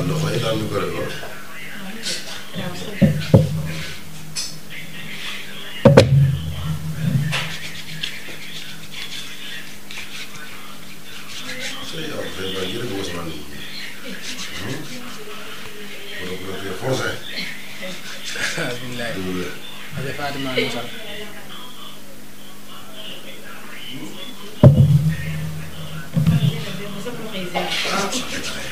am loxo yi daal lu bëri lool. Thank you.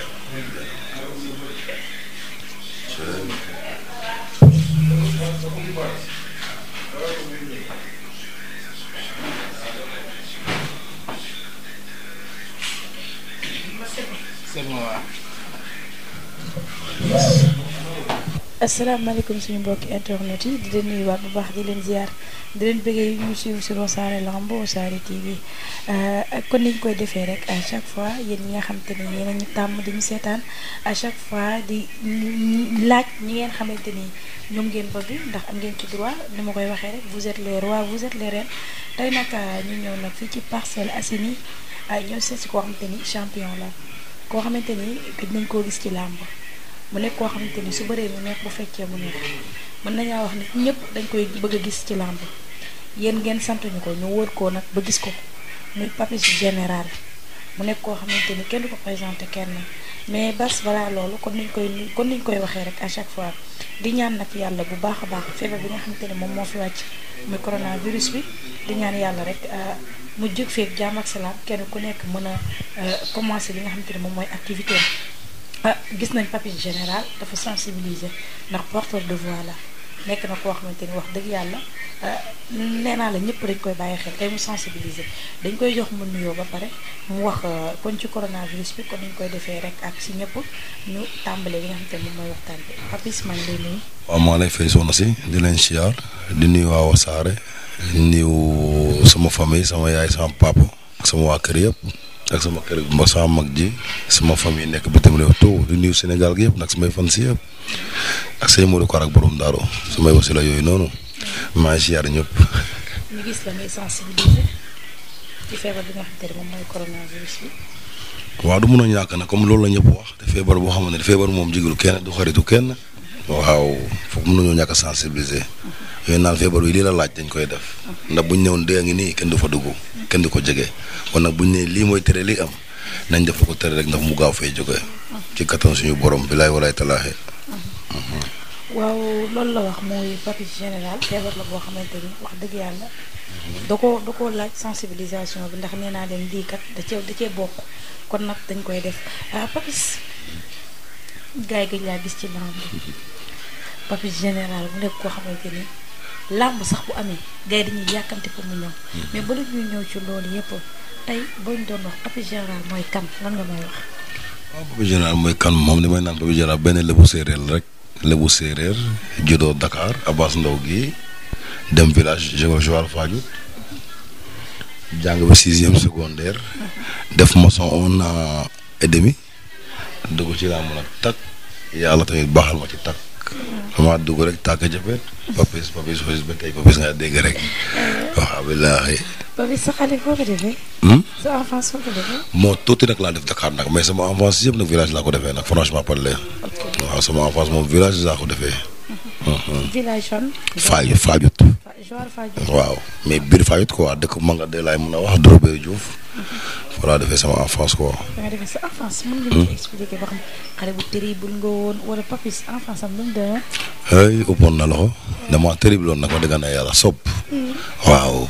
asalaamaaleykum suñu mbokki internet yi di leen nuyuwaat bu baax di leen ziar di leen bëggee yu ñu suivre sur Wassare Lamb Wassare TV euh, ak kon niñ koy defee rek à chaque fois yéen ñi nga xamante ni yéen ñu tàmm di ñu seetaan à chaque fois di laaj ñi ngeen xamante ni ñoom ngeen bëgg ndax am ngeen ci droit ni ma koy waxee rek vous êtes les rois vous êtes les reines tey nag euh, ñu ñëw nag fii ci parcelle Assainies euh, ñëw seet si koo xamante ni champion la. koo xamante ni gëj nañ koo gis ci làmb mu nekk koo xamante ni su baree mu nekk bu fekkee mu neex mën nañaa wax ne ñëpp dañ koy bëgg a gis ci làmb yéen ngeen sant ñu ko ñu wër koo nag ba gis ko muy Papis général mu nekk koo xamante ni kenn ko présenté kenn mais bas balaa loolu kon niñ koy kon niñ koy waxee rek à chaque fois di ñaan nag yàlla bu baax a baax feebar bi nga xamante ne moom moo fi wàcc muy coronavirus bi di ñaan yàlla rek. Euh, mu jóg feeg jàmm ak salaam kenn ku nekk mën a euh, commencer li nga xamante ne moom mooy activité ah gis nañ Papis Général dafa sensibiliser ndax porteur de voix la nekk na koo xamante ni wax dëgg yàlla euh, nee naa la ñëpp rek koy bàyyi xel tey mu sensibiliser dañ koy jox mu nuyoo ba pare mu wax euh, kon ci coronavirus bi kon dañ koy defee rek ak si ñëpp ñu tàmbale li nga xamante ni moom mooy waxtaan bi Papis man lay nuyu. waaw maa lay fay soxna si di leen siyaar di waa niw sama famille sama yaay sama papa ak sama waa kër yëpp ak sama kër ma sama mag ji sama famille nekk bitim réew tout du niw Sénégal gi yëpp nag samay fan si yëpp ak say Modou Kor ak borom Daaro samay wasila yooyu noonu maa ngi siyaar ñëpp. ñu gis la ngay sensibiliser ci feebar bi nga xam ne moom mooy coronavirus bi. waaw du mun a ñàkk nag comme loolu la ñëpp wax te feebar boo xam ne feebar moom jiglu kenn du xaritu kenn. waaw foofu mën ñu ñàkk a sensibiliser yooyu naan feebar bi lii la laaj dañ koy def ndax buñ newoon dee ngi nii kenn du fa dugg kenn du ko jege kon nag buñ ne lii mooy tere lii am nañ def ko tere rek ndax mu gaaw fay jógee ci kattan suñu borom bi laay walaay talaaxe mhm. waaw loolu la wax mooy papi général feebar wax dëgg yàlla mhm. da ko da koo laaj sensibilisation bi ndax nee naa leen lii kat da cee da bokk kon nag dañ koy def ah, papis gars yi laa gis ci lamb papi général mu nekk koo xamante ni làmb sax bu amee gars dañuy yàkkante pour mm-hmm. mais ba ñuy ñëw ci loolu yëpp tey boo doon wax papi général mooy kan moom li may naan papi général benn lebu séeréer la rek lebu séeréer juddoo Dakar Abass Ndao gi dem village Joal Fadiouth jàng ba sixième secondaire def maçon un an et dugg ci làmb nag tag yàlla tamit baaxal ma ci tag dama dugg rek tàkk jëfee. papis papis papis ba papis nga dégg rek. wax abilaahi. Hmm? moo tuuti nag laa def Dakar nag mais sama enfance yëpp nag village laa ko defee nag franchement parler. waaw sama enfance moom village laa ko defee. village fan. Faajut waaw mais biir ko quoi dëkk Maguette laay mën a wax Dorobe juuf voilà defee sama enfance quoi. da nga defee sa enfance mën nga hmm? ñu ay ëppoon na loxo dama terrible woon nag wax dëgg yàlla sopp. Hmm. waaw.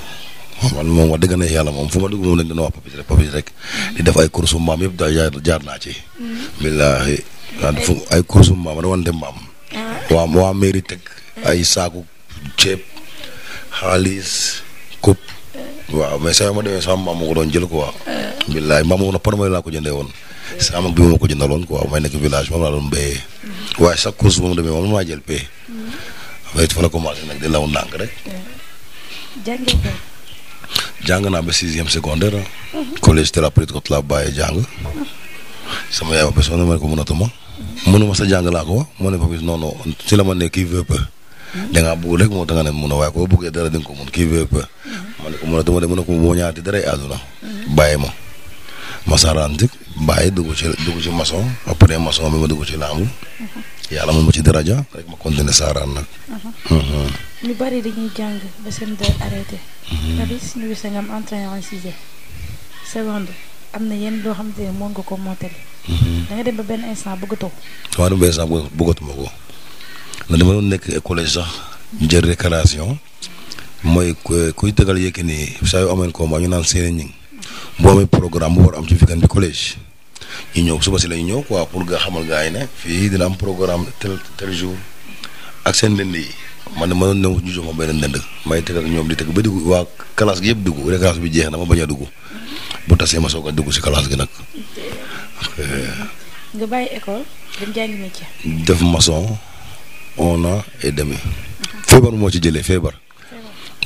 man moom wax dëgg na yàlla moom fu ma dugg moom lañ doon wax papis rek papis rek. Hmm. di def ay courses maam yëpp daal jaar naa ci. billaahi ay courses maam da woon dem maam. Ah. waa waa mairie teg ay saaku ceeb. xaalis coupe. waaw mais saa yoo ma demee sama maam ma ko doon jël quoi. billaay maam moom nag par mooy laa ko jëndee woon. sama bi ma ko jëndaloon quoi may nekk village laa doon béyee. waaye chaque course bu ma demee moom maa jël paie. waaye it fa la commencé nag di law ndànk rek. jàngee naa ba sixième secondaire ah. collège thérapeute côté laa bàyyee jàng. sama ma personne ma ne ko mënatuma. mënuma sa jàng ko wax ma ne ko non ma ne kii da ngaa bëgg rek moo tax mun a waaye koo bëggee dara di ko mun kii veut peu ma ne ko mun a dama de mun a ko boo ma ma sarantik bàyyi dugg ci dugg ci maçon après maçon bi ma dugg ci laamu ci daraja rek ma continuer saaraan nag uh-huh. mhm. ba seen doy arrêté Papis mhm. ñu gis nga na yenn loo xamante ne mën nga ko montali mhm. da nga dem ba benn instant bëggatoo waaw ko na dama doon nekk collège sax ñu jël récréation mooy kuy tëgal yëkki nii saa yu ameen ko ñu naan seen ñi boo amee programme bu war am ci weekend bi collège ñu ñëw suba si lañu ñu ñëw quoi pour nga xamal gars yi ne fii dina am programme tel tel jour ak seen ndënd yi man de ma doon ñëw ñu jox ma benn ndënd may tëgal ñoom di tëgg ba dugg waa classe gi yëpp dugg récréation bi jeex na ma bañ a dugg bu tasee ma soog a dugg si classe gi nag. nga bàyyi école dem jàngi métier. def maçon. un an et demi. feebar moo ci jëlee feebar.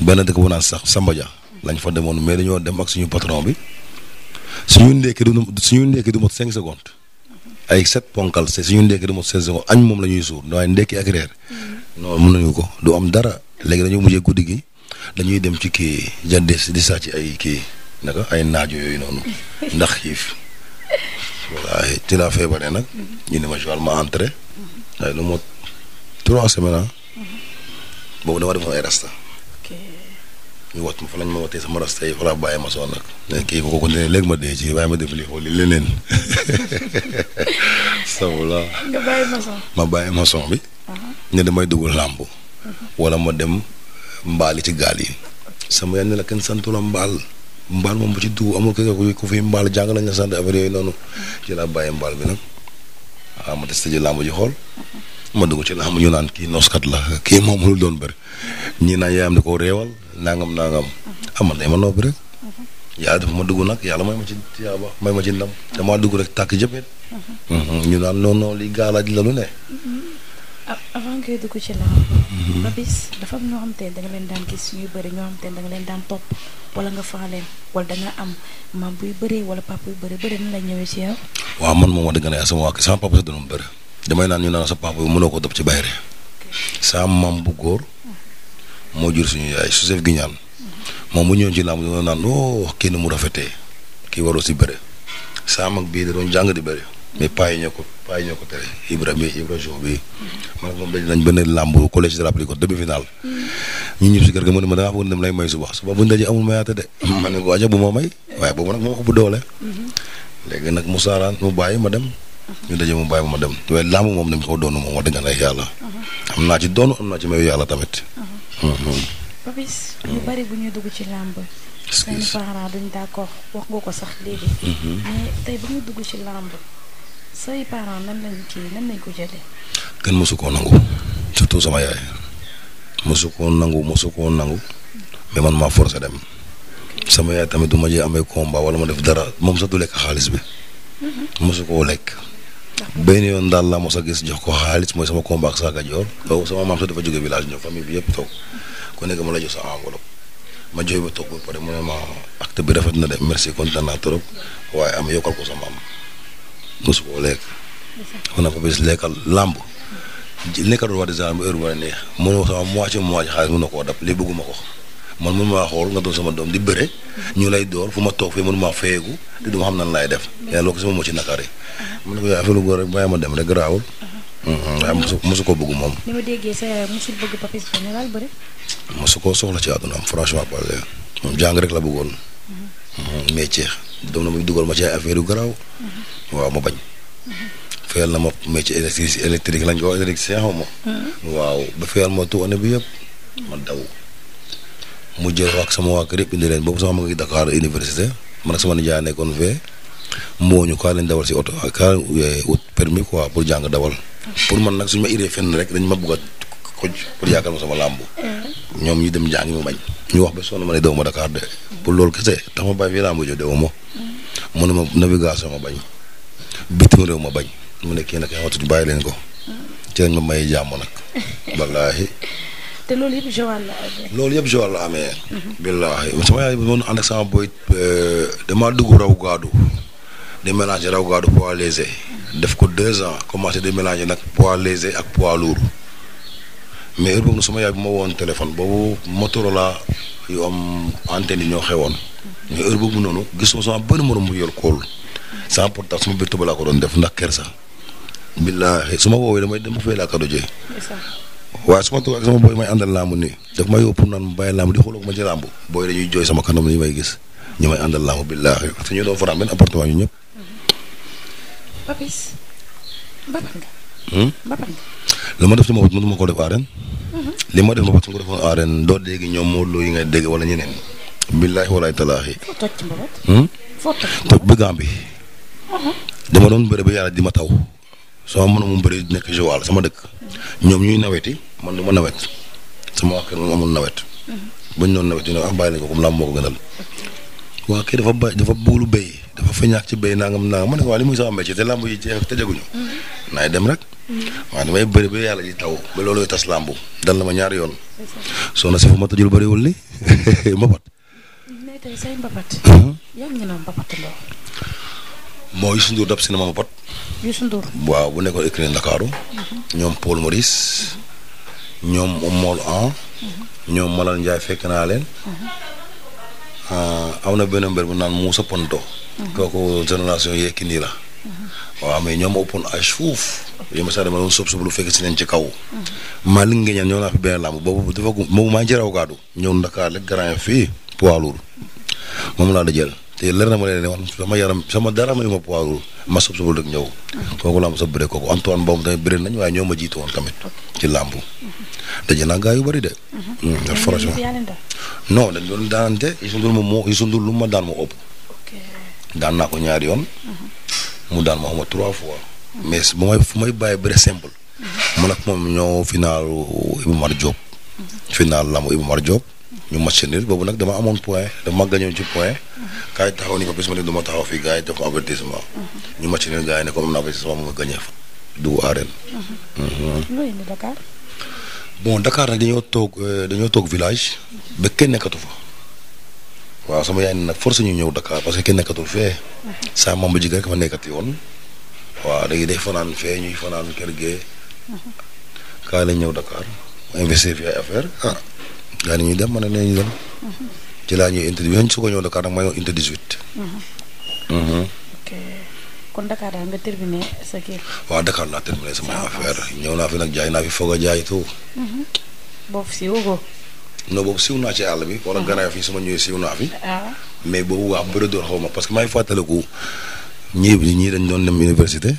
benn dëkk bu naan sax Samba Dia lañ fa demoon mais dañoo dem ak suñu patron bi suñu ndékki du suñu ndékki du mot cinq secondes ay sept ponkal c'est suñu ndékki du mot cinq secondes añ moom la ñuy suur waaye ndékki ak reer non mën nañu ko du am dara léegi dañoo mujjee guddi gi dañuy dem ci kii jàndes di sax ci ay kii naka ay naajo yooyu noonu ndax xiif voilà ci laa feebaree nag ñu ne ma joal ma entré waaye lu mot trois semaines boobu dama defoon ay rasta. ñu wat ma fa lañ ma watee sama rasta yi fa laa bàyyi ma soon nag. ne kii ma dee ci bàyyi ma def lii xool leneen. sabula. nga bàyyi ma bi. Uh-huh. ne damay dugg làmb. Uh-huh. wala ma dem yi ci gaal yi. sama yenn la kenn santu la mbaal. mbaal mu ci dugg amul kii ku fi mbaal jàng lañ la sant affaire yooyu noonu. Uh-huh. ci laa bàyyi bi nag. ah ma des tëjee làmb ji xool. ma dugg ci làmb ñu naan kii noskat la kii moom mënul doon bëri ñii naan yaayam da ko réewal nangam nangam am ah, man day ma noppi rek yàlla dafa ma dugg nag yàlla may ma ci may ma ci ndam damaa dugg rek tàkk jëppee mhm, ñu naan non non li gaalaaj la lu ne. avant ngay dugg ci làmb. Papis mhm. dafa am ñoo xam te ne leen daan gis ñuy bëri xam te ne leen daan topp wala nga faa leen wala da am maam buy bari wala papa buy bëree bëri na la ñëwee ci yow. waaw man moom wax dëgg yàlla sama waa sama papa sax damay naan ñu naan sa papa bi mënoo ko dab ci bayre sa maam bu góor moo jur suñu yaay Joseph Guignane moom bu ñëwoon ci làmb dina naan oh kenn mu rafetee kii waroo si bëre saa mag bii da doon jàng di bëre mais paa yi ñoo ko paa yi ñoo ko tere Ibra bi Ibra bi mhm. man moom daje nañ benn làmb collège de la Plicot demi final mhm. ñu ñëpp si kër ga mu ne ma da lay may suba suba buñ daje amul mayaate de mhm. man ne waaja bu ma may waaye boobu nag moo ko bu doole léegi nag mu saaraan mu bàyyi ma dem ñu daje mu bàyyi ba ma dem waaye làmb moom dama ko doonu moom wax dëgg neex yàlla. am naa ci doonu am naa ci mayu yàlla tamit. Papis uh-huh. ñu bari bu ñuy dugg ci làmb. seen uh-huh. parents nan lañ kii nan lañ ko jëlee. kenn mosu koo nangu surtout sama yaay mosu koo nangu mosu koo nangu mais man maa forcé dem sama yaay tamit du ma jee amee combat wala ma def dara moom sax du lekk xaalis bi uh-huh. mosu koo lekk. benn yoon daal la mos a gis jox ko xaalis mooy sama combat ak Saka Dior boobu sama maam sax dafa jóge village ñëw famille bi yëpp toog ku nekk ma la jox sa enveloppe ma joxe ba toog ba pare mu ne ma bi rafet na de merci kontaan naa trop waaye am yokkal ko sama am mosu koo lekk. xam naa Papis lekkal làmb ji nekkal waa des heures heure bu ma neex mu ne ko sama moitié moitié xaalis mun na koo dab bëgguma ko. man mënu maa xool nga doon sama doom di bëre ñu lay door fu ma toog fii mënu maa feyeeku te du ma xam nan laay def yàlla loo ko sama moo ci naqar yi uh-huh. mu ne ko yaa affaire góor rek bàyyi ma dem rek garaawul uh-huh. mm-hmm. waaye ko bëgg moom. koo soxla ci àdduna am franchement parler moom rek la bëggoon. Uh-huh. métier mm-hmm. na muy dugal ma affaire yu garaaw. waaw ma bañ. fayal na ma métier électrique électrique lañ ko ma. waaw ba fayal ma tuuti année bi yëpp ma daw. mu jël ak sama waa kër yëpp indi leen boobu sama ma ngi Dakar université man ak sama nijaay nekkoon fee moo ñu kaa leen dawal si oto kaa wut eh, permis quoi pour jàng dawal. pour man nag suñu ma iree fenn rek dañ ma bëgg a xoj pour yaakaar ma sama làmb. Mm. ñoom ñu dem jàngi mu bañ. ñu wax ba sonn ma ne daw ma Dakar de. pour loolu kese tax ma bàyyi fii làmb jooju dawuma. Mm. mu ne ma navigation ma bañ. bitim réew ma bañ. mu ne kii nag xamatu bàyyi leen ko. Mm. ci lañ ma may jàmm nag. wallaahi. loolu yëpp Joal la amee. la amee. billaahi sama yaay moom ànd euh, damaa dugg raw gaadu di mélanger raw gaadu def ko deux ans commencé di mélanger nag poids léger ak poids lourd mais heure boobu bu ma woon téléphone boobu Motorola yu am yi ñoo xewoon mais heure boobu noonu gisuma sama benn morom bu yor kool sans portable sama biir tuba ko doon def ndax kersa. billaahi su ma woowee damay dem ba fay laa ko dojee. waaw suma ma toog ak sama booy may àndal làmb nii daf ma yóbbu pour naan ma bàyyi làmb di xooloo ma ci booy dañuy jooy sama kanam ñu may gis ñu may àndal làmb billaahi te ñu doon faram benn appartement ñu ñëpp. Papis nga. Hmm? ma def ci ko def arène. Mhm. li ma def mbapat doo dégg ñoom Modou Lo yi ngay dégg wala ñeneen. billaahi walaay talaahi. foo toj hmm? bi mhm. dama doon bëre ba yàlla di ma taw. sama mën mu bëri nekk Joal sama dëkk ñoom ñuy naweti man du ma nawet sama wax kër moom amul nawet mhm. bañ doon nawet ñu ne ah bàyyi nañ ko comme làmb moo ko gënal waa dafa bay dafa béy dafa feñaak ci béy nangam nangam ma ne ko waa li muy sama métier te làmb yi jeex te jaguñu mhm. naay dem rek mhm. waaw damay bëri ba yàlla ji taw ba loolooy tas làmb dal na ma ñaari yoon soo na si fu ma tëjul bari li mbapat. mais moo Youssou Ndour dab cinéma Mbot. waaw bu nekkoon écrin Ndakaaru. Mhm. ñoom Paul Maurice. ñoom Mol An. Mhm. ñoom Malal Ndiaye fekk naa leen. Mhm. Ah, am na benn mbir bu naan Moussa Ponto. kooku génération yekki nii la. waaw mais ñoom ëppoon âge fuuf. yow ma sax dama doon sob sob lu fekk si leen ci kaw. maa li nga ñëw ñëw naa fi benn làmb boobu dafa moom maa jëraw gaadu ñëw Ndakaar rek grand fii poids lourd moom laa da jël. te leer na ma leen ne yaram sama dara ma ne ma poids lourd ma sob sobal rek ñëw. kooku laa ma sob bëree kooku Antoine Mbow tamit bëri nañ waaye ñoo ma jiitu woon tamit ci làmb. daje naa gaa yu bëri de. Mhm. Hmm, franchement non dañ doon daanante Youssou Ndour moo Youssou lu ma daan moo ëpp. daan naa ko ñaari yoon. Mhm. mu daan ma xama trois fois. mais bu may fu may bàyyi bëri simple. Mhm. ma ak moom ñoo final Ibou Mar Diop. final làmb Ibou Mar Diop. ñu match nul boobu nag dama amoon point dama gagné ci point. gars yi taxaw ni ko bis ma ne taxaw fii gars yi def ma ñu match nul gars ne ko am na avertissement mu nga gagné fa. dugg arène. looy indi Dakar. bon Dakar nag dañoo toog euh, village. ba kenn nekkatu fa. waa sama yaay nag force ñu ñëw Dakar parce que kenn nekkatul fee. saa moom bu jigéen rek fa nekkati woon. waaw léegi day fanaan fee ñuy fanaan kër gee. kaay la ñëw Dakar. ma fi ay affaire ah, gaa ni ñuy dem ma ne nee ñu dem. ci laa ñuy interdit bi ñu su ko Dakar nag ma ñëw interdit 18. Mhm. ok kon Dakar sama affaire ñëw naa fi nag jaay naa fi foog a jaay tuuti. Mhm. boobu si ko. non boobu siiw naa ci àll bi. wala mhm. gannaaw fi su ma ñëwee siiw naa fi. Ah. mais boobu waa bëri door xaw parce que may fàttaliku ñii bi ñii dañ doon dem université.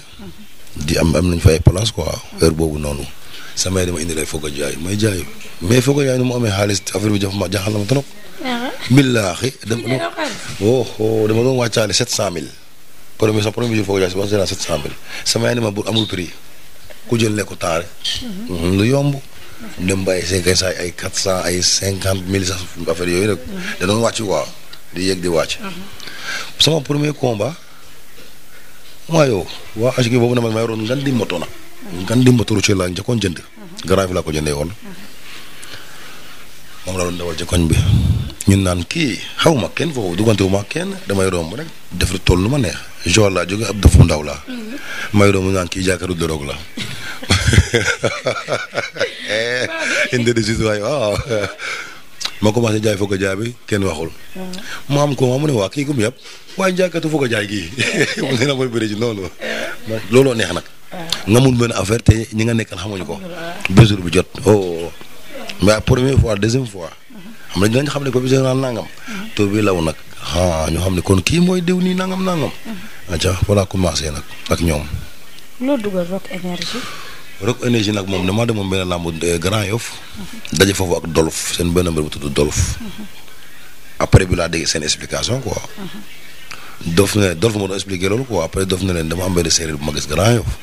di am am nañ fa ay place quoi heure boobu noonu. sama dama indi lay foog a jaay may jaay mais foog a jaay nu mu amee xaalis affaire bi jox ma jaaxal na ma trop. Ah. billaahi dama oh, oh dama doon wàccaale sept cent mille. premier sa premier jour foog a jaay si wax sept cent mille amul prix ku jël lekk taare. Mhm. Mm-hmm, lu yomb. dem ba ay cinq cent ay quatre cent ay cinquante mille sax affaire yooyu rek. Mhm. da doon wàcc waaw di yéeg di wàcc. Mhm. sama premier combat. waaw yow waa HG boobu na man maa yoroon ngan di ngan di moto routier laa njëkkoon jënd. garage bi laa ko jëndee woon. moom laa doon dawal ci koñ bi. ñun naan kii xaw ma kenn foofu duggantewu ma kenn da romb rek def lu toll lu ma neex Joal laa jóge ab dafu ja laa. may romb naan kii jaakaru drogue la. indi de juste waaye waaw. ma commencé jaay foog a jaay ma am ko ma mu ne kii gu mu yàpp waaye jaakatu foog a jaay gii mu ne nga mun benn affaire te ñi nga nekkal xamuñu ko. deux jours bu jot oh. oh. mais première fois deuxième fois. xam nañ dinañ xam ne ko bi général nangam. taw bi law nag ah ñu xam ne kon kii mooy diw nii nangam nangam. Mm-hmm. atiwa voilà commencé nag ak ñoom. loo dugal rock énergie. rock énergie nag moom damaa demoon benn làmb Grand Yoff. Mm-hmm. daje foofu ak Dolof seen benn mbir bu tudd Dolof. Mm-hmm. après bi laa dégg seen explication quoi. Dof ne Dolof moo doon expliqué loolu quoi après Dof ne leen dama am benn séeréer bu ma gis Grand Yoff.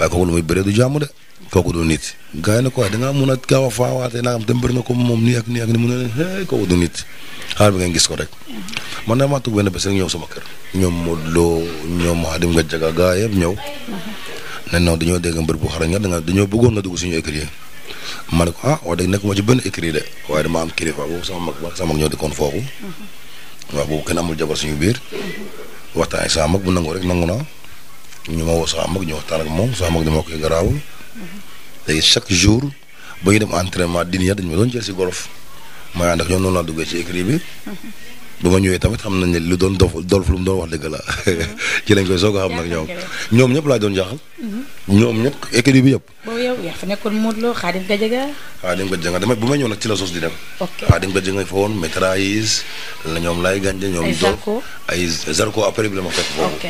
waaye kooku lu muy bëree du jàmm de kooku du nit gars yi nag waaye da a gaaw a naa xam te bëri na ko moom nii ak nii ak nii a ne leen hey kooku du nit xaar bi ngeen gis ko rek. man nag maa toog benn bés sama kër. ñoom Modou Lo ñoom Xaadim nga jaga gaa yëpp ñëw. ne non dañoo dégg mbër bu xarañ nga da nga dañoo bëggoon nga dugg suñu écurie ma ne ko ah wax dëgg nekk ma ci benn écurie de waaye dama am kilifa boobu sama mag ba sama mag ñoo dikkoon foofu. waaw boobu kenn amul jabar suñu biir. waxtaan ak sama mag bu nangu rek nangu na ñu ma woo sama mag ñu waxtaan ak moom sama mag dama koy garaawul. léegi chaque jour ba ñu dem entraînement dinañ dañ ma doon jël si golof. may ànd ak noon noonu laa duggee ci écrit bi. bu ma ñëwee tamit xam nañ ne lu doon dof dolf lu mu doon wax dëgg la ci lañ koy soog a xam nag ñoom ñëpp laa doon jaaxal. Mm-hmm. ñoom ñëpp écurie bi yëpp. boobu yow yaa fa nekkoon Modou Lo Khadim Gadiaga. Khadim Gadiaga damay bu ma ñëw nag ci la sos di dem. ok Khadim Gadiaga fa woon Maitrise la ñoom lay gàncax ñoom. ay Zarko ay Zarko après bi la ma fekk foofu.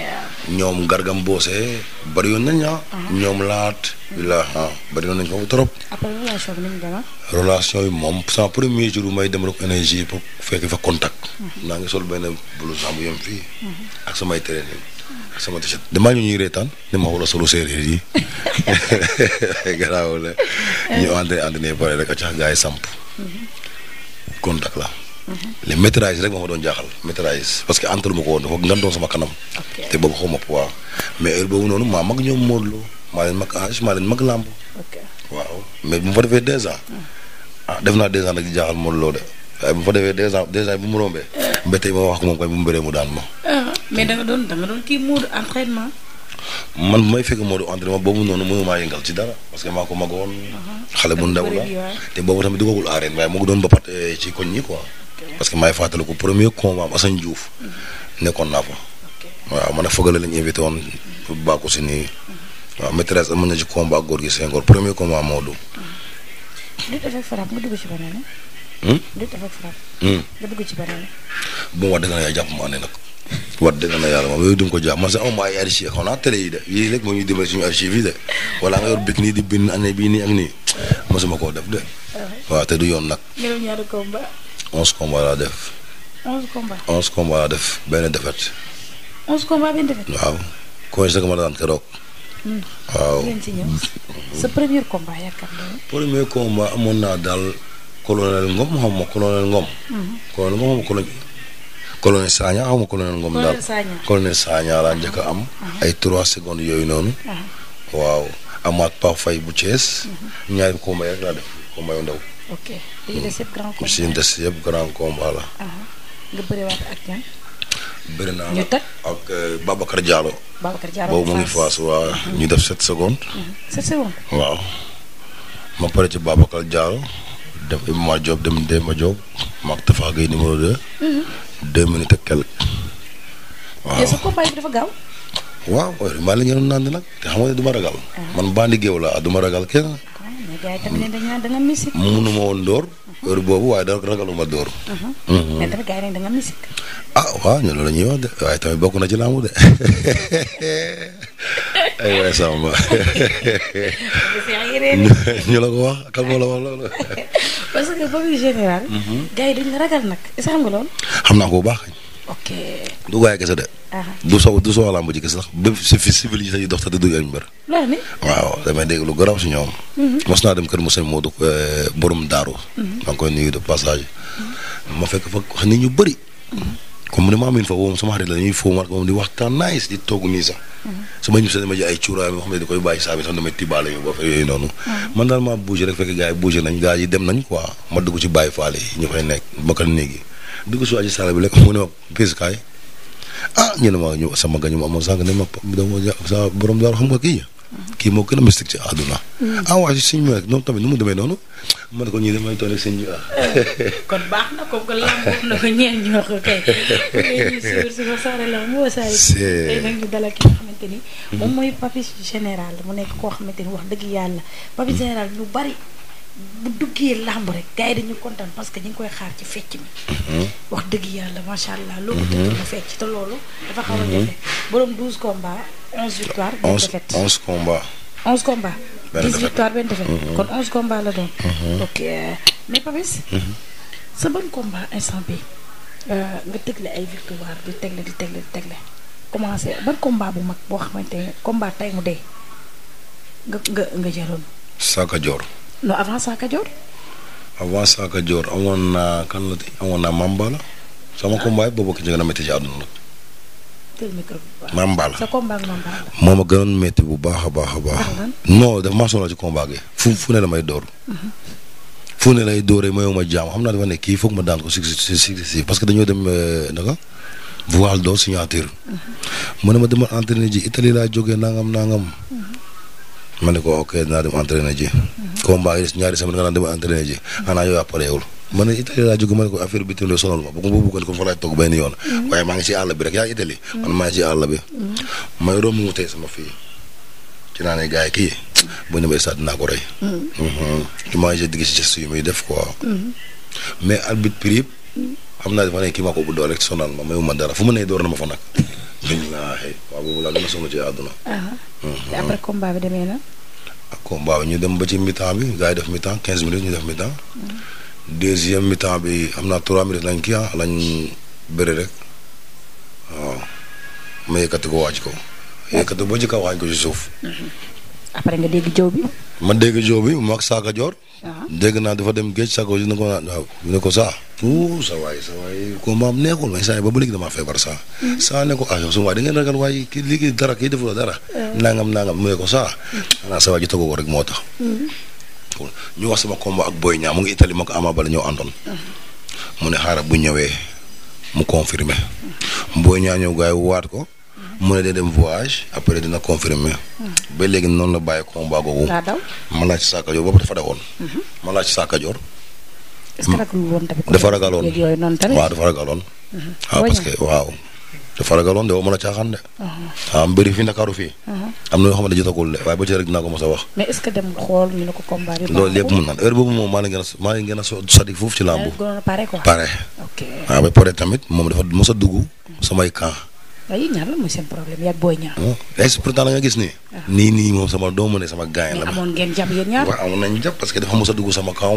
ñoom Gargam Bossé. bëri yoon nañ ah. Uh-huh. ñoom laat. la ah bëri yoon nañ foofu trop. relation yi moom sama premier jour may dem rek énergie pour fekk fa contact. naa uh-huh. ngi sol benn blouse bu yem fii. Uh-huh. ak samay training. ak sama t-shirt ma wala solo séeréer yi garaaw la ñu entraîné pare rek a cax gars yi samp. contact la. les métrages rek moo ma doon jaaxal métrages parce que entre ma ko woon dafa ngandoon sama kanam. te boobu xaw ma poids. mais heure boobu noonu maa mag ñoom Modou Lo maa leen mag âge maa leen mag làmb. ok waaw mais bu ma fa defee ans. Hmm. Ah, def naa deux ans nag di jaaxal de waaye bu ma fa defee deux ans deux ans bu mu rombee. mbétey hmm. ma wax ko mu bëree mu daan ma. Uh-huh. mais da nga doon da nga doon kii Modou entraînement. man bu boobu noonu mënu maa yëngal ci dara parce que maa ko mag uh-huh. xale bu ndaw la te boobu tamit duggagul arène mu moo doon bapat ci koñ ñi quoi. parce que maay fàttaliku premier combat am Assane Diouf hmm. nekkoon naa fa. waaw man ak Feugeule la ñu invité woon pour bàkku si nii waaw maîtresse amoon na ci combat góor gi Senghor premier combat Maodo. lutte avec bu ma hmm? hmm. wax na yàlla jàpp ma ne nag. wax dëgg na yàlla moom yooyu du ko jàpp suñu archive yi de wala nga yor bik di bind année bii nii ak nii mosuma koo def de. Ah. waaw te du yoon nag. onze combat laa def. onze combat onze combats benn waaw coince nga ma daan keroog. waaw sa premier combat yaakaar naa. amoon naa daal colonel Ngom xam hmm. ma colonel Ngom. colonel Ngom xam ma colonel Sagna xam ma colonel daal colonel Sagna laa njëkk a am. Hmm. ay trois secondes yooyu noonu. Hmm. waaw amaat Pa Fay bu ñaari combat yi ndaw. ok dañuy des yëpp grand grand combat la. bëri naa euh, Babacar Diallo. Babacar Diallo boobu mu ngi faas waa mhm. ñu def set secondes. 7 mhm. secondes waaw. ma pare ci Babacar Diallo def Ima Diop dem Demba Diop maak Tafa Gueye numéro 2. 2 mhm. minutes waaw sa combat bi dafa ngi leen di naan nag te xam nga du ma ragal. Ah. man bandi géew laa du ma ragal kenn. gars yi tamit dañu naan da nga musique. munu ma woon boobu waaye da ragaluma dóor. Uh-huh. Mhm. mais tamit gars ah waaw ñun loolu de waaye tamit bokk na ci laamu de. ay waay Samba. ñu la ko wax parce que boobu général. Mhm. gars yi dañu ragal nag est-ce que xam nga loolu. xam bu baax. ok du gaay kese de. Ah. du sow du sow làmb ji kese sax bépp si civil yi sax yi dox te duñu ay mbër. loolu waaw damay dégg lu garaaw si ñoom. Mhm. mos naa dem kër Moussa Modou eh, borom Daaru. Mhm. maa ngi koy nuyu de passage. Mhm. ma fekk fa wax nit ñu bëri. comme ni ma amoon fa moom sama xarit la ñuy foo ma moom di waxtaan nice di togg nii sax. ma ñëw da koy bàyyi saa bi sax damay tibaale yu ba fa yooyu noonu. man daal maa bougé rek fekk gars yi bougé nañ gars yi dem nañ quoi ma dugg ci bàyyi faale yi ñu nekk bokkal néeg yi dugg si waa ji bi lekk mu ne ma piis ah ñu ne ma ñu sama gañu ma amoon sànq ne ma sama borom daal xam nga kii. kii moo gën a mystique ci àdduna. ah waa si suñu mën moom tamit nu mu noonu. ma ne ko ñii damay toll sëñ bi ah. kon baax na xamante ni. Mhm. moom mooy Papis général mu nekk koo xamante ni wax dëgg yàlla Papis général lu bari. bu duggee làmb rek gars yi dañu kontaan parce que ñu koy xaar ci fecc mi. Mhm. wax dëgg yàlla macha allah. loolu mhm. dëgg mu fecc te loolu. dafa xaw a mhm. jafe borom douze combats onze victoire. benn défaite onze combats. onze combats. benn la doon. ok euh, sa ban combat instant bi euh, nga tegle ay victoire di tegle di tegle di tegle commencé ban combat bu mag boo xamante ne combat tay mu dee nga nga nga jëloon. Saka Dior. non avant ça Kajoor. avant ça Kajoor amoon naa kan la tey amoon naa Mambala. sama kombaay ah. boobu ak ci gën a Mambala Mambala. moo ma gënoon métti bu baax a baax a baax. non dafa maa sonal ci komba fu fu ne la may door. Mhm. fu ne lay dooree mayoo ma jaam xam na dafa ne kii foog ma daan ko si parce que dañoo dem euh, naka voile d'or signature. Mhm. mu ne ma demal entraîné ji Italie laa jógee nangam nangam. Mhm. ma ne ko ok dinaa dem entraîner ji. combat yi ñaari semaine nga naan dem entraîner ji. xanaa yow après yow ma ne Italie laa ma ne ko affaire bi teel a sonal ma bu ma bëggoon ko fa laaj toog benn yoon. waaye maa ngi ci àll bi rek yaa ngi Italie. man maa ngi ci àll bi. may romb mu tey sama fii naa ne gars yi kii bu ñu ko rey. Mhm. ci maa ngi digg def quoi. mais arbitre prix. xam naa dafa ne kii maa ko bu doole ma mayuma dara fu mu ne door na ma fa nag. billaahi waaw boobu ci àdduna. Uh-huh. Uh-huh. bi demee na. ak combat bi ñu dem ba ci mi-temps bi gars yi def mi-temps minutes ñu def mi-temps. Uh-huh. deuxième mi-temps bi am naa trois minutes lañ kii ah lañ bëri rek waaj ko. yëkkati boo ci kaw waaj ko ci après nga dégg jëw ma dégg jëw bi mu ak Joor. Ah. dégg naa dafa dem géej Sakko ji ne ko waaw ne ko saa. wuu sa waay sa waay ko maam nekkul waaye saa yi ba damaa feebar saa. Mm-hmm. saa ne ko ah yow su waay da waaye kii liggéey dara kii defuloo dara. Eh. nangam nangam mu ne ko saa. Mm-hmm. xanaa sa waay ji togoo ko rek moo tax. Mm-hmm. ñu wax ma combat ak Boy Niang mu ngi Italie ma ko Ama Baldé ñëw àndoon. Uh-huh. mu ne xaaral bu ñëwee mu confirmé. Uh-huh. Boy ñaa ñëw gaay waat ko. mu ne day dem voyage après dina confirmer ba léegi noonu la bàyyi combat googu. daa daw ma laaj si Sakajor boobu dafa dawoon. Mhm. ma laaj si Sakajor. est ce que ragalul woon ragaloon waaw mhm. ah, parce que waaw. dafa ragaloon de woo mën a caaxaan de. waaw mhm. ah, mbëri fi Ndakaaru fii. am na yoo xam ne jotagul de waaye ba ci rek dinaa ko mos a wax. mais est ce que dem nga xool ñu lépp mën naan heure moom maa ngi leen a maa ngi a sotti foofu ci làmbu. Ah, pare quoi pare. ok waaw ba pare tamit moom dafa mos a dugg samay camp waaye ñaar la mooy seen problème yàgg booy ñaar. est pourtant da nga gis ni. Ah. nii nii moom sama doomu ne sama gaañ la. mais amoon ngeen jàpp yéen parce que dafa mos a dugg sama kaw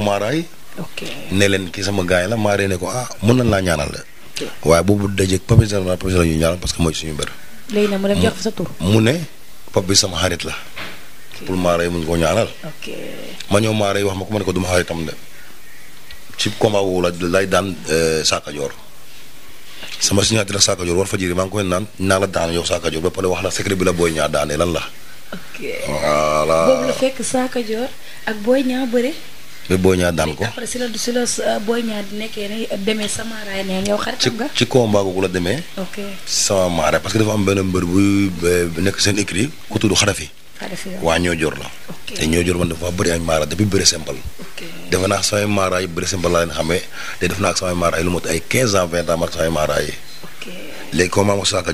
ne leen kii sama gaañ la maaraay ne ko ah mën nañ laa ñaanal la. waaye boobu dajeeg Papis général Papis la ñaanal parce que mooy suñu mbër. léegi nag mu dem jox fa sa tur. mu ne Papis sama xarit la. pour maaraay mu ñu ko ñaanal. ma ñëw maaraay wax ma ko ma ne ko duma xaritam de ci combat woowu la lay daan euh, Sakajor sama signature ak Sakajor war fa jëri maa ngi koy naan naa la daan yow Sakajor ba pare wax la secret bi la Boy Niang daan la la euh, ci ci la demee. sama maaraay parce que dafa am benn mbër bu euh, nekk seen écrit ku tudd xarafi. xarafi waa ñoo jor la. ñoo jor man dafa bëri ak maara depuis bëri simple. defe naa samay maaraay bëri si mbala leen xamee te def naa ak samay maaraay lu mot ay 15 ans 20 ma ak samay maaraay yi. ok léegi comme maa ma Moussa ko fa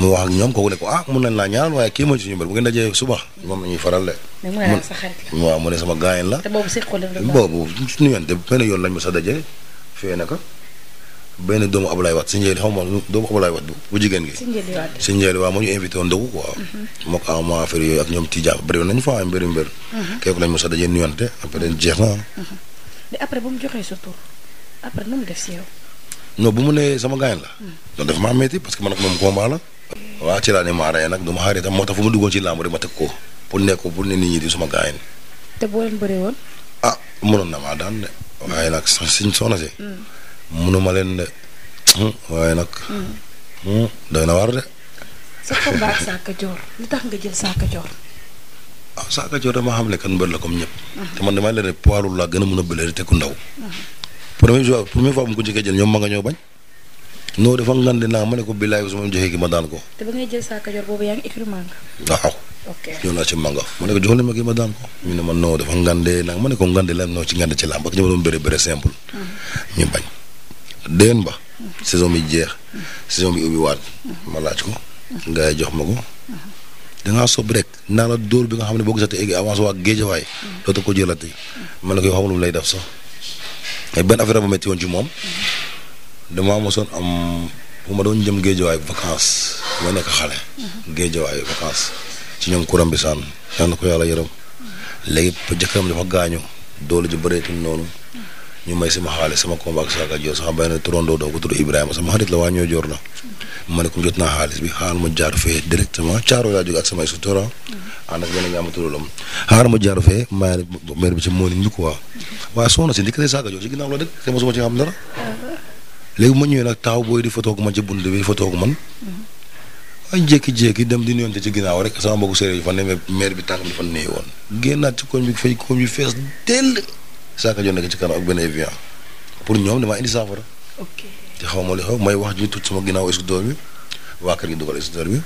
mu wax ak ñoom kooku ko ah mun nañ laa ñaanal waaye kii mooy bu ngeen dajee suba moom la ñuy faral de. mais mooy sa xarit la waaw mu ne sama gaayen la. te boobu si xolli la boobu suñu yoon de benn yoon lañ ma sa daje fee na ko benn doomu Abdoulaye Wade si njëriñ xaw ma doomu Abdoulaye Wade bu jigéen gi. si njëriñ waaw moo ñu invité woon dëgg quoi. Mhm. moog ah, ak ñoom Tidjane bëri nañ fa ay mbir mbir. Mhm. kooku lañ mos a dajee nuyante après mhm. jeex na. bu mu joxee sa tur après def si yow. non bu mu sama gaañ la. loolu daf maa parce que man ak moom combat waa waaw ci laa ne maa rey nag du ma xaaree tam moo tax fu ma duggoon ci làmb rek ma teg ko pour nekk ko pour ne nit ñi di sama gaañ. te boo leen bëree woon. ah mënoon na maa daan de. waaye nag sax suñ soxna munuma leen de hmm, waaye nag. Hmm. Hmm, doy na waar de. sa combat ak Sakka Dior lu tax nga jël Sakka Dior. ah Sakka Dior dama xam ne kan mbër la comme ñëpp. te man damaa leen ne poids lourd laa gën a mun a bële te ku ndaw. premier jour première fois bu ko njëkkee jël ñoom ma nga ñoo bañ. noo dafa ngandi naa ma ne ko billaay su ma joxee ki ma daan ko. te ba ngay jël Sakka Dior boobu yaa ngi écrit manga. waaw. ok ñëw naa ci manga ma ne ko jox leen ma ki ma daan ko. ñu ne ma noo dafa ngandee nag ma ne ko ngandi lan noo ci ngandi ci làmb ak ñoom doon bëre bëre simple. ñu bañ. déwén ba saison bi jeex saison bi ubbiwaat ma laaj ko nga jox ma ko dangaa sob rek naa la dóor bi nga xam ne boo gisatee egg avance waa géejawaay dootoo ko jëlati man la koy xamul mu lay def sax mais benn affaire ba metti woon ci moom damaa mosoon am bu ma doon jëm géejawaay vacances ma nekk xale géejawaay ci ñoom kuram bi saan yal na ko yàlla yërëm léegi jëkkëram dafa gaañu doole ji bëreetul noonu ñu may xaalis sama combat ak Saka Dior sama benn turandoo doo ko tudd Ibrahima sama xarit la waa ñoo joor la ma ne ko jot naa xaalis bi xaar ma jaar fee directement caaro laa jóg ak samay sutura ànd ak benn ñaama turulam xaar ma jaar fee maa mère bi ci moo ñu quoi waaye soxna si ndikkale Saka Dior si ginnaaw la dëkk te mosuma ci xam dara léegi ma ñëwee nag taaw booy di photo ak man ci bunt bi di photo ak man ay jékki-jékki dem di nuyoonte ci ginnaaw rek sama mbokku séeréer fan ne maire bi tànkam dafa néewoon génnaat ci koñ saaka joo nekk ci kanam ak benn évian pour ñoom damaa indi saafara. ok te xaw ma li xaw may wax ji tuut sama ginnaaw escudor bi waa kër gi dugal escudor bi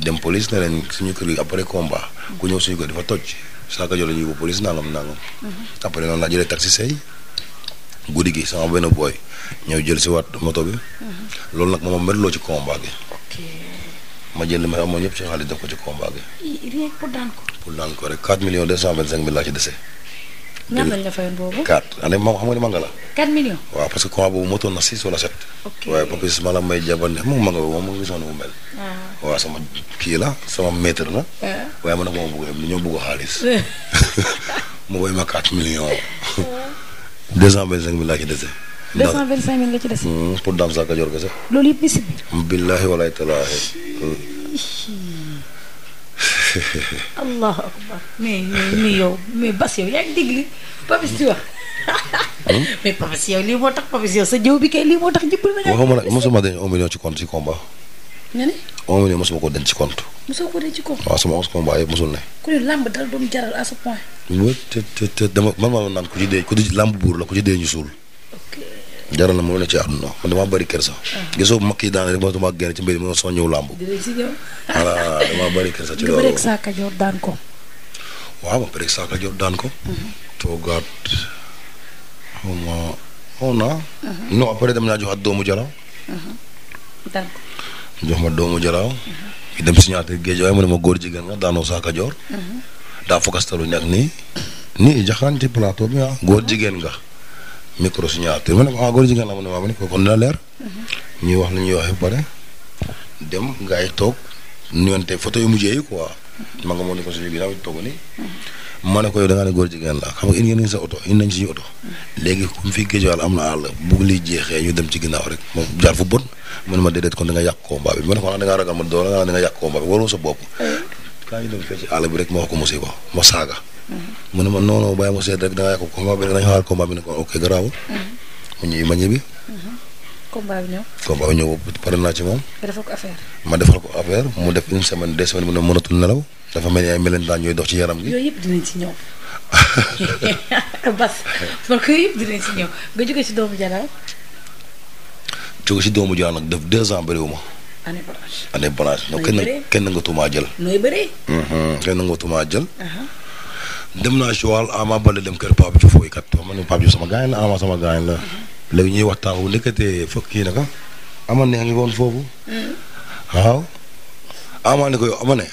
dem police ne leen suñu kër gi après combat. ku ñëw suñu kër dafa toj. saaka joo la ñuy yóbbu police nangam nangam. Mhm. après noonu laa jëlee taxi say guddi gi sama benn booy ñëw jël si waat moto bi. Mhm. loolu nag moom merloo ci combat bi ma jënd ma amoon yëpp ci xaalis def ko ci combat gi. rien pour daan ko. pour daan ko rek 4 millions 225 mille laa ci dese. ñaata lañ la fayoon boobu. 4 année moom xam nga ni manga la. 4 millions. waaw parce que comment boobu na 6 wala 7. ok Papis su ma la may jàppal ne moom manga boobu moom gisoon na mu mel. waaw sama kii la sama maître la. waaye man nag moo bëgg a ñoo bëgg xaalis. mu booy ma 4 millions. 225 mille laa ci dese. 225 mille la ci dese. pour Dame Sakka Dior kese. loolu yëpp bis bi. billaahi talaahi. allahu akbar mais mais yow mais Bas yow yaa ngi dégg li Papis di wax mais Papis yow lii moo tax Papis yow sa jëw bi kay lii moo tax jëppal na. waxuma nag mosuma dañ un million ci compte ci combat. nga ne. un million mosuma ko denc ci compte. mosoo ko denc ci compte. waaw sama onze combat yëpp mosul ne. ku ne làmb dara doon jaral à ce point. te te te dama man maa doon naan ku ci dee ku ci làmb buur la ku ci dee ñu suul. ok. jaral na moom la ci àdduna man damaa bëri kersa. Ah. gisoo bu ma daan rek ma damaa ci mbir mi ma soo ñëw làmb. dinañ si ñëw. ci loolu. daan ko. waaw ma bëri saaka joor daan ko. Mhm. toogaat xaw ma xaw mhm. naa. non doomu jaraaw. Mhm. daan ma doomu jaraaw. ñu dem si ñaata ma góor jigéen nga joor. daa fokastalu nekk nii. nii jaxaan ci plateau bi ah. góor jigéen nga. micro signature ma ne ko ah góor jigéen la ma ne maa ma ne ko kon dina leer. ñuy wax lu ñuy wax ba pare dem gars yi toog nuyonte photo yu mujjee yi quoi. nga moo ne ko suñu ginnaaw toogu ni ma ne ko yow da ngaa ne góor jigéen la xam nga indi ngeen sa oto indi nañ suñu oto. léegi comme fii Géejawaay am na àll bugg liy jeexee ñu dem ci ginnaaw rek ma jaar fu bon man ma déedéet kon da nga yàq combat bi ma ne ko ah da ragal ma dool da ngaa da nga yàq combat bi waroo sa bopp. kaa eh. ñu dem fee ci àll bi rek moo ko mos a ma saaga. mu ne ma non non bàyyi ma seet rek dangay ko combat bi rek dañu ne ko ok garaawul. Mhm. mu ñëw ma ñibbi. Mhm. ko ma defal ko affaire mu def une semaine deux semaines mu ne mënatul nelaw dafa mel ni ay melentaan yooyu dox ci yaram gi. yooyu yëpp dinañ ci ñëw. Bas man ko ci ñëw nga jóge ci doomu Janaar. jóge ci doomu Janaar nag def deux ans bëriwuma. année blanche année kenn kenn jël. dem naa si wàll Ama Baldé dem kër Pape Diouf fooykat ma ne Pape Diouf sama gaañ la Ama sama gaañ la. léegi ñuy waxtaan bu ndëkkatee fukk kii naka ama ne ngi woon foofu. Mm. waaw. ama ne ko yow ama ne.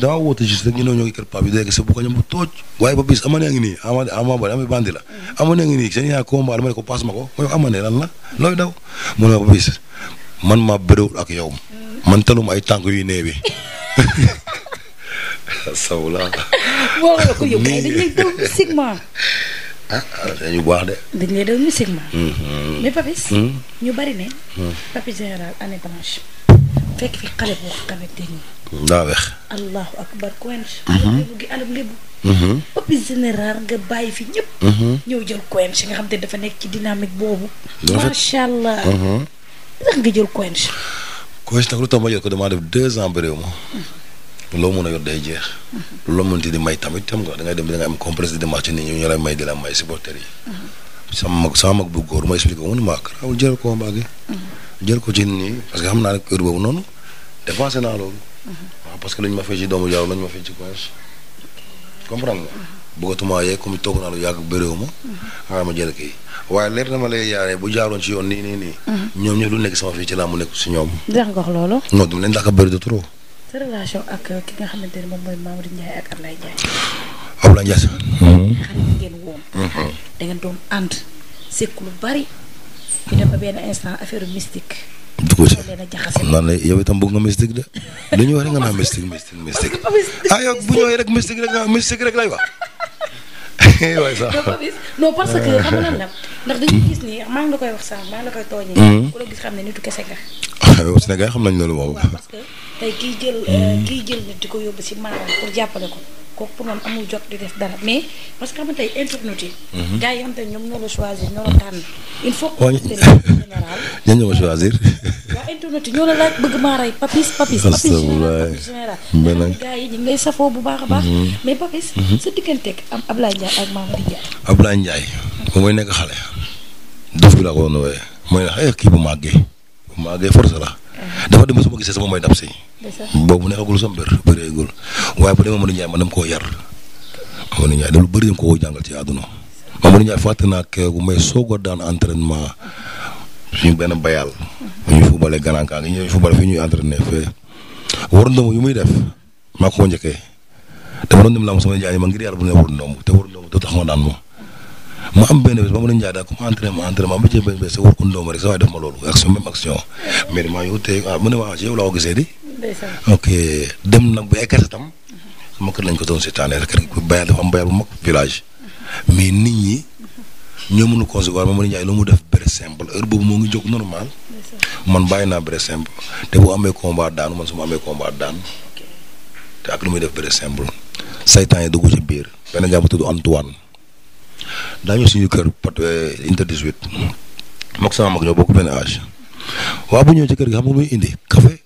damaa woote juste rek ñu ne ñoo ngi kër Pape bi léegi sa bu ko ñam bu tooj. waaye ba bis ama ne ngi nii ama ama ba amee bandi la. Mm. ama ne ngi nii seen yaa combat ma ne ko paas ma ko ma ne ko ama ne lan la looy daw. mu ne ba bis man maa bëriwul ak yow. Mm. man talum ay tànk yu néew saw la. woo la ko yow kay dañ lay déglu musiquement. ah, ah baax de. dañ lay déglu musiquement. Mm-hmm. Papis. Hmm? ñu bari hmm. Papis général année blanche. fekk fi xale boo xamante ni. daa weex. allahu akbar Quench. alal lébu gi alal lébu. Papis général nga bàyyi fi ñëpp. Mm-hmm. ñëw jël Quench nga xam te dafa nekk ci dynamique boobu. macha allah. Mm-hmm. ndax nga jël Quench. Quench nag lu tax ko damaa def deux ans bëriwuma. te loo mën a yor day jeex. loo mënti di da ngay dem da ngay am de match nit ñi ñu lay may di may supporter yi. sama mag sama mag bu góor ma expliqué ko mu ne ma rawul ko combat ko ci nit parce que xam naa ne heure boobu noonu dépensé naa loolu. waaw parce lañ ma fay ci doomu jaaw lañ ma fay ci commerce. comprendre nga. bëggatuma yee comme toog naa lu na ma lay yaaree bu jaaroon ci yoon nii nii nii. Mhm. ñoom ñëpp lu nekk sama fii ci laa mu nekk si ñoom. ndax nga wax loolu. non du leen dàq bëri de trop. sa relation ak ki nga xamante ne moom mooy Mamadou Ndiaye ak Ablaye Ndiaye. Ablaye Ndiaye sax. Mhm. xam ngeen woon. Mhm. da ngeen doon ànd sekk lu bu ñëwee rek mystique rek lay wax. non parce que xam nga lan la ndax dañuy gis ni maa ngi la koy wax sànq maa ngi la koy tooñee. Hmm. ku la gis xam ne nitu kese nga. waaw Sénégal xam nañ loolu moom. waaw parce que tey kiy jël euh, kiy jël nit di ko yóbbu si maanaam pour jàppale ko. kooku pour moom amul jot di def dara mais parce que xam nga tey internet yi. Mhm. gars la choisir ñoo la mhm. tànn. il faut que ñoo la bëgg maa rey papis papis. papis général papis gars yi ñu ngi safoo bu baax a baax. Mhm. mais papis. sa digganteeg am Ablaye Ndiaye ak Mamadou Ndiaye. Ablaye Ndiaye. moom mooy nekk xale. dof bi ko woon mooy ne eh, xëy dafa dem ba gisee sama mooy dab si. boobu neexagul sa mbër bëreegul waaye bu demee Mamadou Ndiaye man dama koo yar Mamadou Ndiaye da lu bëri dama koo jàngal ci àdduna Mamadou Ndiaye fàtte naa keroog bu may soog a daan entraînement suñu benn bayal. bu mm-hmm. ñuy fubale gànnaakaan gi ñuy fubale fii ñuy entraîné fee waru ndoom yu muy def maa ko njëkkee dama doon dem làmb sama Ndiaye ma ngir yàlla bu ne waru ndoom te waru ndoom doo tax ma daan ma. ma am benn bés ba ma leen jaay daal comme entraînement entraînement ba ci benn bés sa wër ko ndoom rek sa waaye def ma loolu action même action mm-hmm. mais damaa yow tey ah mu ne ma ah yow laa ko gisee di ok dem na ba écarté tam. sama kër lañ ko doon seetaanee rek rek bayal dafa am bayal bu mag village. mais nit ñi. ñoo mënu concevoir Mamadou Ndiaye lu mu def bëre simple heure boobu moo ngi jóg normal. man bàyyi naa bëre simple te bu amee combat daanu man su ma amee combat daanu. te ak lu muy def bëre simple. saytaan yi dugg ci biir. benn gars bu tudd Antoine. daañu suñu kër pat eh, inter 18. mook sama mag ñoo bokk benn âge. waa bu ñëwee ci kër gi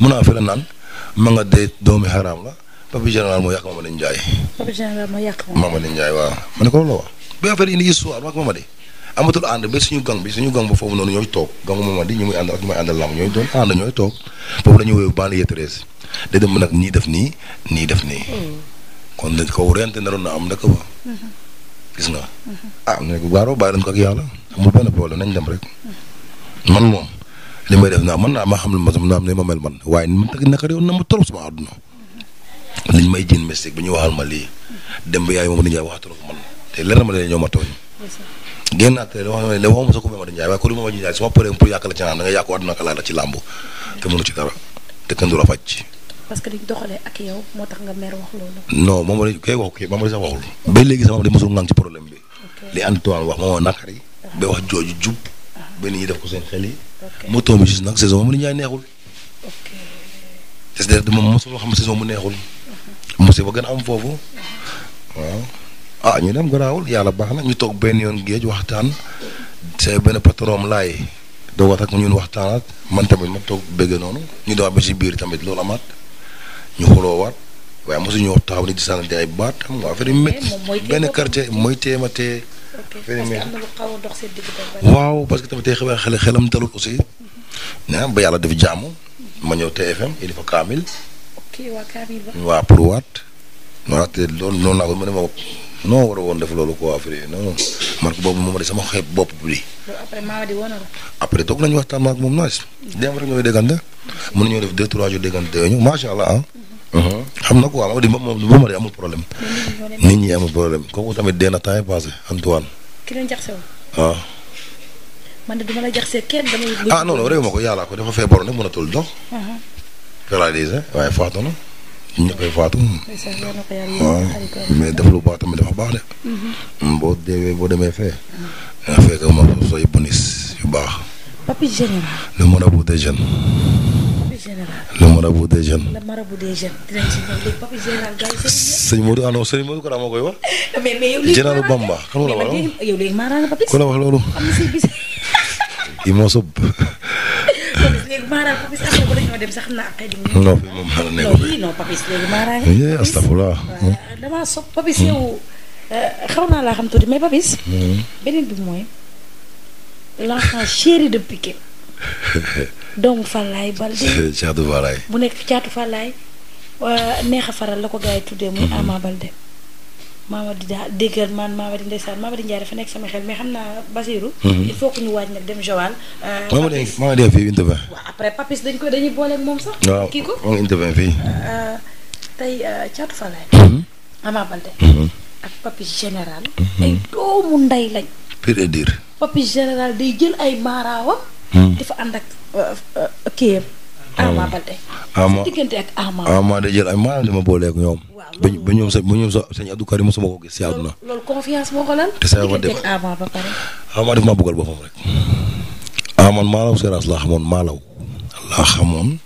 mun naa fere naan ma nga dee doomi xaraam la papi général moo yàq Mamadou Ndiaye. papi général moo yàq Mamadou Ndiaye waaw. ma ne ko loolu la wax bu affaire indi histoire ak Mamadou amatul ànd ba suñu gang bi suñu gang foofu noonu ñooy toog gangu Mamadou ñu muy ànd ak ñu muy àndal lamb ñooy doon ànd ñooy toog foofu la ñuy wéy banlieue treize day dem nag nii def nii nii def nii. kon dañ ko rente naroon na am dëkk ba. gis nga. Mm-hmm. ah na ne ko gaaroo bàyyi nañ yàlla amul benn problème nañ dem rek man moom. li may def naa man naa maa xam ne ma am ne ma mel man waaye man nag naka yoon na ma trop sama àdduna. liñ may jën mystique bi ñu waxal ma lii dem ba yaay moom Mady Ndiaye te leer na ma ne ñoo ma tooñ. génn naa te wax ne waxuma sa ko Mady Ndiaye waaye ko du ma Mady Ndiaye su ma paree pour da nga yàqu àdduna ak la moo tax nga mer wax loolu. non moom la kay wax ba léegi sama di mosul ngang ci problème bi. li Antoine wax moom naqari. ba wax jooju jub. Ah. ba nit ñu def ko seen xel yi moo tombé juste nag saison mu ni ñaay neexul. ok SDR dama mosul xam saison mu neexul. Uh-huh. mos ba gën am foofu. waaw ah ñu dem garaawul yàlla baax na ñu toog benn yoon géej waxtaan. sa benn patron laay. doo wax ak ñun waxtaanaat man tamit ma toog bëgg noonu ñu doon ba ci biir tamit loolu amaat ñu xuloowaat waaye mosuñu wax taxaw ni di sànnante ay baat xam nga affaire yu métti benn quartier mooy téema tee waaw parce que tamit tey xibaar xel xelam dalul aussi. Mhm. ah ba yàlla def jàmm. ma ñëw TFM il faut Kaamil. ok waa Kaamil ba. waa pour waat. waaw loolu noonu laa ko ma ne ma non war a woon def loolu ko affaire yi man ko boobu moom de sama xeeb bopp bi. après maa di woon nañu waxtaan ak moom noos. démb rek ñoo mën nañoo def deux trois jours déggante ñu macha allah ah. mhm. xam na quoi ma di moom moom ma di amul problème. nit ñi amul problème kooku tamit dee na temps yii passé Antoine. ki leen jaxase woon. waaw. Ah. man de duma la jaxase kenn damay. ah non non réew ma ko yàllaa ko dafa feebaroon ne mënatul dox. paralysé uh-huh. waaye faatu na ñëppay faatu. waaw mais def lu baax tamit dafa baax de. Uh-huh. boo deewee boo demee fee. nga fekk ma sooy bonus yu baax. papi jeune la. lu mën le marabout des jeunes. le marabout des jeunes. dinañ ci ñëw léegi papa général ah moo koy wax. mais mais Bamba. xam la wax loolu. am moo sëb. léegi maaraan papa si après bala ñoo dem sax naa xëy na. non moom maaraan nekk ko non non papa si léegi maaraan. sob papa si yow. Euh, xaw naa doomu Fallaye Balde. caatu Fallaye. bu nekk caatu Fallaye euh, neex a faral la ko gars yi tuddee. muy mhm. Ama Balde. Mamadi daa déggal man Mamadi ndeysaan Mamadi Ndiaye dafa nekk sama xel mais xam naa Basirou. Mhm. il faut que ñu waaj nag dem Joal. Euh, Mamadi Mamadi fii interview. waaw après Papis dañ ko dañuy booleeg moom sax. kii ko waaw moom interview fii. Euh, tey caatu Fallaye. Mhm. Ama Balde. ak Papis général. ay doomu ndey lañ. pire et Papis général day jël Hmm. dafa ànd ak euh, kii ah, Ama Balde. Ama ah, diggante ak Ama. Ama ah, day jël ay maanaam li ma booleeg ñoom. ba ñu ba ñoom sa ba ñoom sa sëñ Abdou Karim mosuma ko gis si àdduna. loolu confiance moo ko lan. te sa ma def Ama ba pare. Ama def maa bëggal boppam rek. ah man Malaw Seras laa xamoon Malaw. laa xamoon.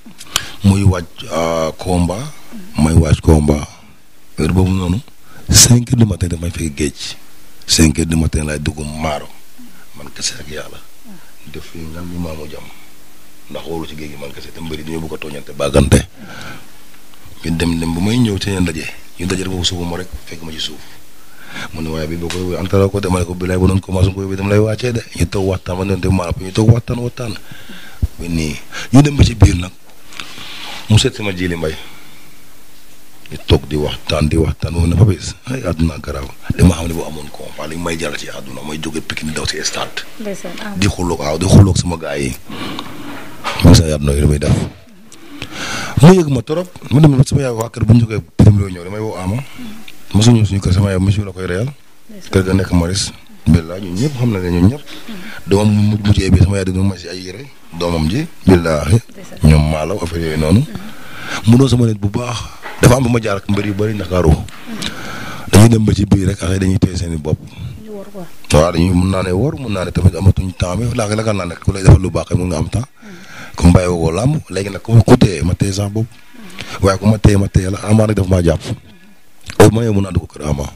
muy waaj combat. may waaj combat. heure boobu noonu. cinq heures du matin damay fekk géej. cinq heures du matin laay dugg Maaro. man kese ak yàlla. def fi ngam mi maamu jàmm ndax waru ci géej gi man kese te mbëri dañoo bëgg a tooñante bàggante ñu dem dem bu may ñëw ci ñeen daje ñu daje boobu suufu ma rek fekk ma ci suuf mu ne waaye bi boo ko yóbbee antara ko dama ne ko bilaay bu doon commencé ko yóbbee dama lay wàccee de ñu toog waxtaan ba noonu maanaam ñu toog waxtaan waxtaan bi nii ñu dem ba ci biir nag mu seet sama jili mbay ñu toog di waxtaan di waxtaan moom ne fa bis ay àdduna garaaw li ma xam ne boo amoon combat li may jaral ci àdduna mooy jóge Pikine daw si stade. di xuloog waaw di xuloog sama gars yi. mu yëg ma trop mu dem sama yaay waa kër bu ñu jógee bitim réew ñëw damay woo Ama. mosu ñëw suñu kër sama nekk Maris. billaa ñun ñëpp xam na ne ñun ñëpp. Mm-hmm. doomam mu mujjee bi sama yaay di ma si ay yére doomam ji. billaahi ñoom maalaw affaire yooyu noonu. Mm-hmm. mu doon sama nit bu baax. dafa am ma jaar ak mbër yu bëri Ndakaaru dañuy dem ba ci biir rek affaire dañuy téye seen i bopp. waaw dañuy mën naa ne wor mën naa ne tamit amatuñu temps bi laa la naa ne ku lay defal lu baax mun nga am temps. comme bàyyi woo làmb léegi nag ku ma ku téye ma téye sax bopp. Hmm. waaye ku ma téye ma téye la amaat rek dafa maa jàpp. heure ma nee mun naa dugg kër ama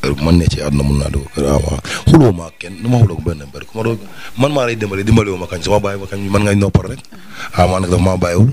heure bu man nee ci àdduna mun naa dugg kër ama xuloo ma kenn du ma xuloo benn mbër ku ma doon man maa lay dimbali dimbali wu ma kañ sama bàyyi ma kañ man ngay noppal rek hmm. ama maa bàyyiwul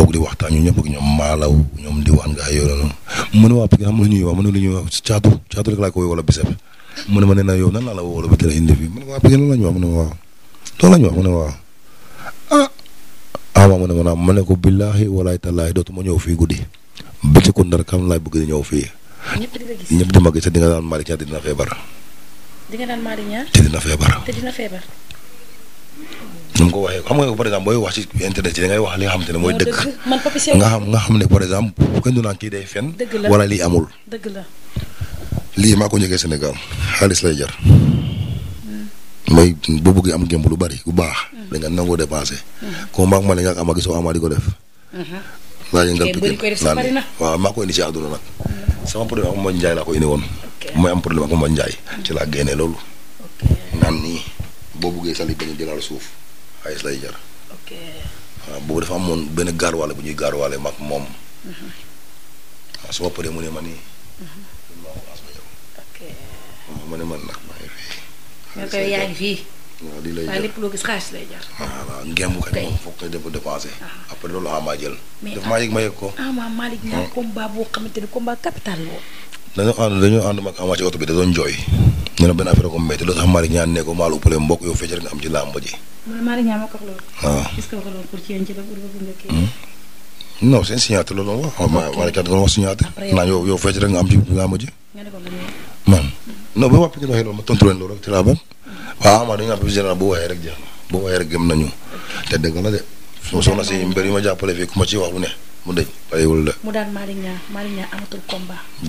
toog di waxtaan ñu ñëpp ak ñoom maalaw ñoom diwaan nga ay yooyu noonu mu ne waa Pikine xam nga lu ñuy wax mu ne lu ñuy wax caatu caatu rek laa ko woo wala bisab mu ne ma nee na yow nan laa la woo wala bi teel a indi fii mu ne waa Pikine loolu la ñu wax mu ne ma ne ma ma ne ma naam ma ne ko billaahi walaay tallaahi dootuma ñëw fii guddi ba ci Koundar kam laay bëgg di ñëw fii. ñëpp di nga gis ñëpp di daan Malick ñaar dina feebar. di nga te dina feebar. nu mu ko waxee xam nga par exemple booy wax ci internet yi xam nga xam ne par exemple kenn du naan kii day fen wala lii amul. li la. lii maa ko njëkkee Sénégal xaalis lay jar. mooy bu bëggee am gémb lu bari bu baax. Mm. da nga nangoo dépenser. comme maag ma ne nga am ak ko def. Mm-hmm. laa yëngal piquet laa ne waaw maa ko indi ci àdduna nag. Mm. sama problème ak Modou Ndiaye laa ko indi woon. mooy am problème ak Modou Ndiaye. Mm. ci laa génnee loolu. naan nii boo bëggee sali bañ a jëlaal suuf. xaalis lay jar. ok waaw boobu dafa amoon benn gaaruwaale bu ñuy gaaruwaale mag moom. Mhm. waaw ma paree mu ne ma nii. Mhm. ma man nag maa ngi fii. waaw lii lay jar waaw lépp loo gis moom foog nga def dépensé. après loolu ah maa jël. mais maa yëg ma yëg ko. maa Malick ñaar hmm. combat boo xamante ni combat capital woon. dañoo ànd dañoo ànd mag ci oto bi da doon jooy ñu ne benn affaire ko métti loolu am ci làmb ji. loolu. waaw ah. est-ce que loolu pour ci yéen ci la pour hmm? non seen signature la ah, yow yow am ci làmb ji. ba wax Pikine waxee loolu ma tontu leen loolu rek ci laa ban. waaw Ama dañu naan Papis Général bu waxee rek nañu. te dëgg la de. soxna si mbër yi ma jàppale ku ma ci wax ne mu dëñ bàyyiwul la. mu daan Malick Niang Malick Niang amatul combat. mu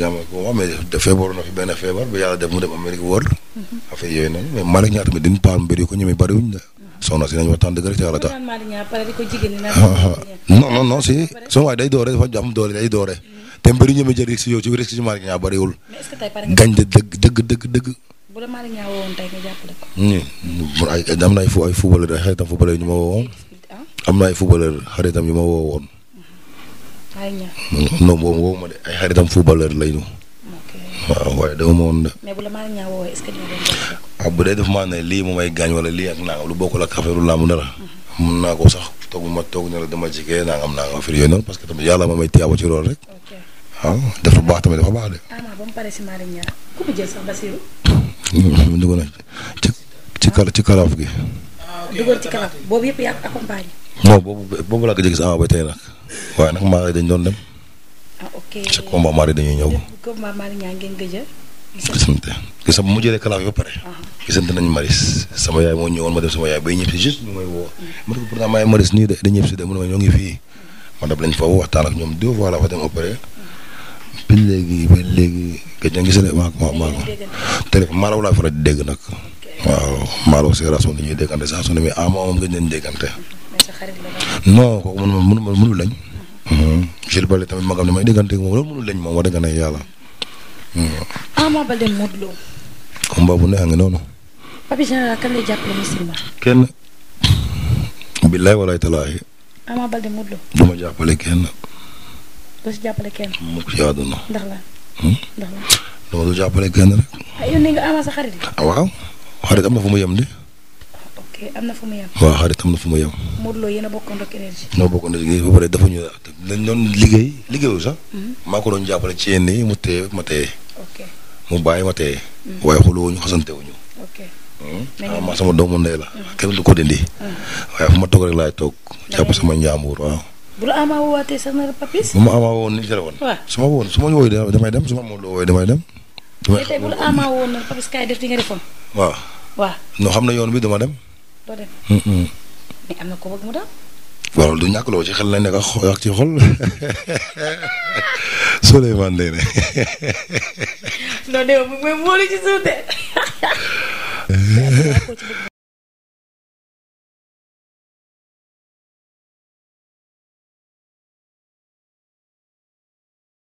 daan benn feebar ba yàlla def mu dem Amérique mhm. yooyu noonu mais Malick paar mbir yu ko ñemee bariwuñ la. Mhm. soxna si nañu waxtaan dëgg rek ca yàlla tax. Ah, ah. non non non si. soo waay day doore dafa am doole day doore. Mhm. te mbir yi ñemee jël risque yow ci risque ci Malick Niang bariwul. gañ de dëgg dëgg dëgg dëgg. bu la Malick Niang woowoon tey nga jàpp de ko. am na ay footballeur xaritam yu lay ñu. waaw waaye ah, def maa ne lii moom ay gaañ wala lii ak nangam lu bokkul ak affaire làmb ne la. Mhm. mun naa ko sax toog ma toog ne dama jigee nangam nangam affaire yooyu noonu parce que tamit yàlla lu baax tamit dafa baax de. Ah, ku mu jël sax Basirou. dugg non boobu boobu laa ko gis ah ba tey nag waaye nag maa dañ doon dem. ah ok chaque combat dañuy ñëw. combat a. gisante gis nga mu jëlee kalaaf ba pare. Ah. gisante nañ maris sama yaay moo ñëwoon ma dem sama yaay bay ñëpp si juste ñu may woo. nii de dañ ñëpp si de mu ñoo ngi fii. ma dab lañ fa waxtaan ak ñoom deux fois la fa dem opéré. bi léegi bi léegi gëj ma ma ma téléphone laa faral di nag. waaw maalaw séeréer su ma la ñuy déggante saa su ne mais moom gëj nañ déggante. non kooku man man man mënul lañ. Hmm. Jules Baldé tamit magam ne may déggante moom loolu mënul lañ moom wax dëgg na yàlla. Hmm. Ama Baldé Modou Lo. combat bu neex nga noonu. Papi Général kan lay jàppale musulman. kenn. billaay walaay talaay. Ama Baldé Modou Lo. du ma jàppale kenn. doo si jàppale kenn. mu ko si àdduna. ndax la. Hmm? ndax la. dama du jàppale kenn rek. ay ah, yow nee nga Ama sa xarit. ah waaw xarit am na fu mu yem de. ok na fu mu yem. waaw xarit am na fu mu yem. Modou Lo yéen liggéey ba pare dafa ñu dañ doon liggéey liggéeyul sax. Mhm. maa ko doon jàppale ci yenn yi mu téye ma téye. mu bàyyi ma téye. Mhm. waaye xuloo ñu xasante wuñu. ok ma mhm. ah, sama doomu ndey la. kenn du ko dindi. waaye fu ma toog rek laay toog. jàpp sama njàmbur waaw. bu na papis. bu ma Ama woowoon ni téléphone. su ma woon su ma wooyee damay dem su ma Modou Lo wooyee damay dem. damay xam bu la Ama woowoon na papis kaay def li nga defoon. waaw. waaw non xam na yoon bi dama dem. am na ko bëgg mu waaw du ñàkk loo ci xel la nekk wax ci xol Souleymane Ndeye ne.